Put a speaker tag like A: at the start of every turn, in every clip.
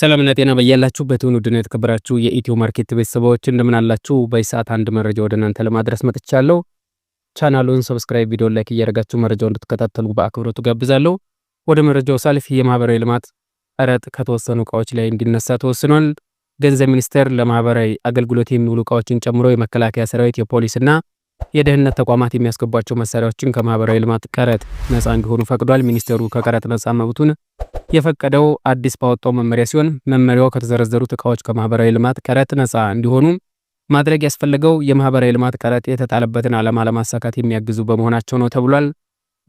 A: ሰላምና ጤና በያላችሁበት ይሁን። ውድና የተከበራችሁ የኢትዮ ማርኬት ቤተሰቦች እንደምን አላችሁ? በሰዓት አንድ መረጃ ወደ እናንተ ለማድረስ መጥቻለሁ። ቻናሉን ሰብስክራይብ፣ ቪዲዮ ላይክ እያደረጋችሁ መረጃውን እንድትከታተሉ በአክብሮቱ ጋብዛለሁ። ወደ መረጃው ሳልፍ የማህበራዊ ልማት ቀረጥ ከተወሰኑ እቃዎች ላይ እንዲነሳ ተወስኗል። ገንዘብ ሚኒስቴር ለማህበራዊ አገልግሎት የሚውሉ እቃዎችን ጨምሮ የመከላከያ ሰራዊት፣ የፖሊስና የደህንነት ተቋማት የሚያስገቧቸው መሳሪያዎችን ከማህበራዊ ልማት ቀረጥ ነፃ እንዲሆኑ ፈቅዷል። ሚኒስቴሩ ከቀረጥ ነፃ መብቱን የፈቀደው አዲስ ባወጣው መመሪያ ሲሆን መመሪያው ከተዘረዘሩት እቃዎች ከማህበራዊ ልማት ቀረጥ ነፃ እንዲሆኑ ማድረግ ያስፈለገው የማህበራዊ ልማት ቀረጥ የተጣለበትን ዓላማ ለማሳካት የሚያግዙ በመሆናቸው ነው ተብሏል።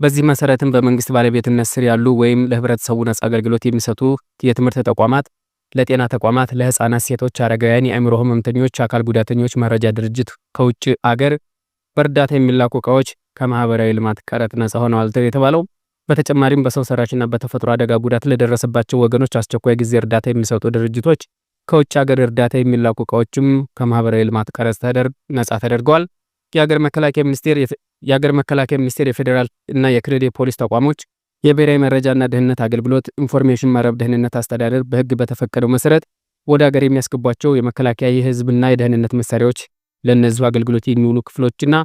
A: በዚህ መሰረትም በመንግስት ባለቤትነት ስር ያሉ ወይም ለህብረተሰቡ ነፃ አገልግሎት የሚሰጡ የትምህርት ተቋማት፣ ለጤና ተቋማት፣ ለህፃናት፣ ሴቶች፣ አረጋውያን፣ የአእምሮ ህመምተኞች፣ አካል ጉዳተኞች መረጃ ድርጅት ከውጭ አገር በእርዳታ የሚላኩ እቃዎች ከማህበራዊ ልማት ቀረጥ ነጻ ሆነዋል የተባለው በተጨማሪም በሰው ሰራሽና በተፈጥሮ አደጋ ጉዳት ለደረሰባቸው ወገኖች አስቸኳይ ጊዜ እርዳታ የሚሰጡ ድርጅቶች ከውጭ ሀገር እርዳታ የሚላኩ እቃዎችም ከማህበራዊ ልማት ቀረጥ ነጻ ተደርገዋል። የሀገር መከላከያ ሚኒስቴር የሀገር መከላከያ ሚኒስቴር የፌዴራል እና የክልል የፖሊስ ተቋሞች የብሔራዊ መረጃና ደህንነት አገልግሎት ኢንፎርሜሽን መረብ ደህንነት አስተዳደር በህግ በተፈቀደው መሰረት ወደ ሀገር የሚያስገቧቸው የመከላከያ የህዝብና የደህንነት መሳሪያዎች ለእነዚሁ አገልግሎት የሚውሉ ክፍሎችና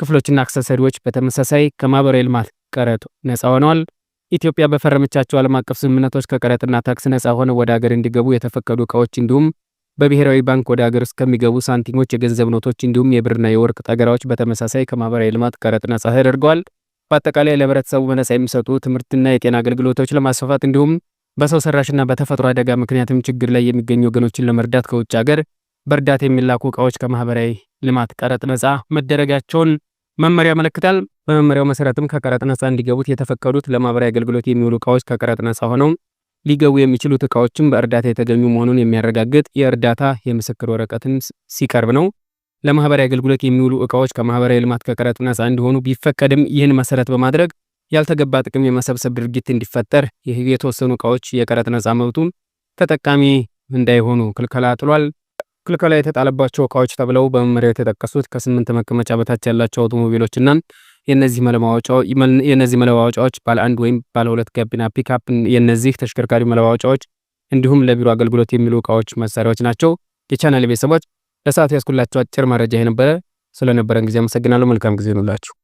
A: ክፍሎችና አክሰሰሪዎች በተመሳሳይ ከማህበራዊ ልማት ቀረጥ ነፃ ሆነዋል። ኢትዮጵያ በፈረመቻቸው ዓለም አቀፍ ስምምነቶች ከቀረጥና ታክስ ነፃ ሆነው ወደ አገር እንዲገቡ የተፈቀዱ እቃዎች እንዲሁም በብሔራዊ ባንክ ወደ ሀገር ውስጥ ከሚገቡ ሳንቲሞች፣ የገንዘብ ኖቶች እንዲሁም የብርና የወርቅ ጠገራዎች በተመሳሳይ ከማህበራዊ ልማት ቀረጥ ነፃ ተደርገዋል። በአጠቃላይ ለህብረተሰቡ በነፃ የሚሰጡ ትምህርትና የጤና አገልግሎቶች ለማስፋፋት እንዲሁም በሰው ሰራሽና በተፈጥሮ አደጋ ምክንያትም ችግር ላይ የሚገኙ ወገኖችን ለመርዳት ከውጭ ሀገር በእርዳታ የሚላኩ እቃዎች ከማህበራዊ ልማት ቀረጥ ነፃ መደረጋቸውን መመሪያ ያመለክታል። በመመሪያው መሰረትም ከቀረጥ ነጻ እንዲገቡት የተፈቀዱት ለማህበራዊ አገልግሎት የሚውሉ እቃዎች ከቀረጥ ነፃ ሆነው ሊገቡ የሚችሉት እቃዎችም በእርዳታ የተገኙ መሆኑን የሚያረጋግጥ የእርዳታ የምስክር ወረቀትን ሲቀርብ ነው። ለማህበራዊ አገልግሎት የሚውሉ እቃዎች ከማህበራዊ ልማት ከቀረጥ ነፃ እንዲሆኑ ቢፈቀድም ይህን መሰረት በማድረግ ያልተገባ ጥቅም የመሰብሰብ ድርጊት እንዲፈጠር የተወሰኑ እቃዎች የቀረጥ ነፃ መብቱ ተጠቃሚ እንዳይሆኑ ክልከላ ጥሏል። ክልከላ የተጣለባቸው እቃዎች ተብለው በመመሪያው የተጠቀሱት ከስምንት መቀመጫ በታች ያላቸው አውቶሞቢሎችና የነዚህ መለዋወጫዎች ባለ አንድ ወይም ባለ ሁለት ጋቢና ፒክአፕ፣ የነዚህ ተሽከርካሪ መለዋወጫዎች እንዲሁም ለቢሮ አገልግሎት የሚሉ እቃዎች መሳሪያዎች ናቸው። የቻናል ቤተሰቦች ለሰዓት ያስኩላቸው አጭር መረጃ የነበረ ስለነበረን ጊዜ አመሰግናለሁ። መልካም ጊዜ ይኑላችሁ።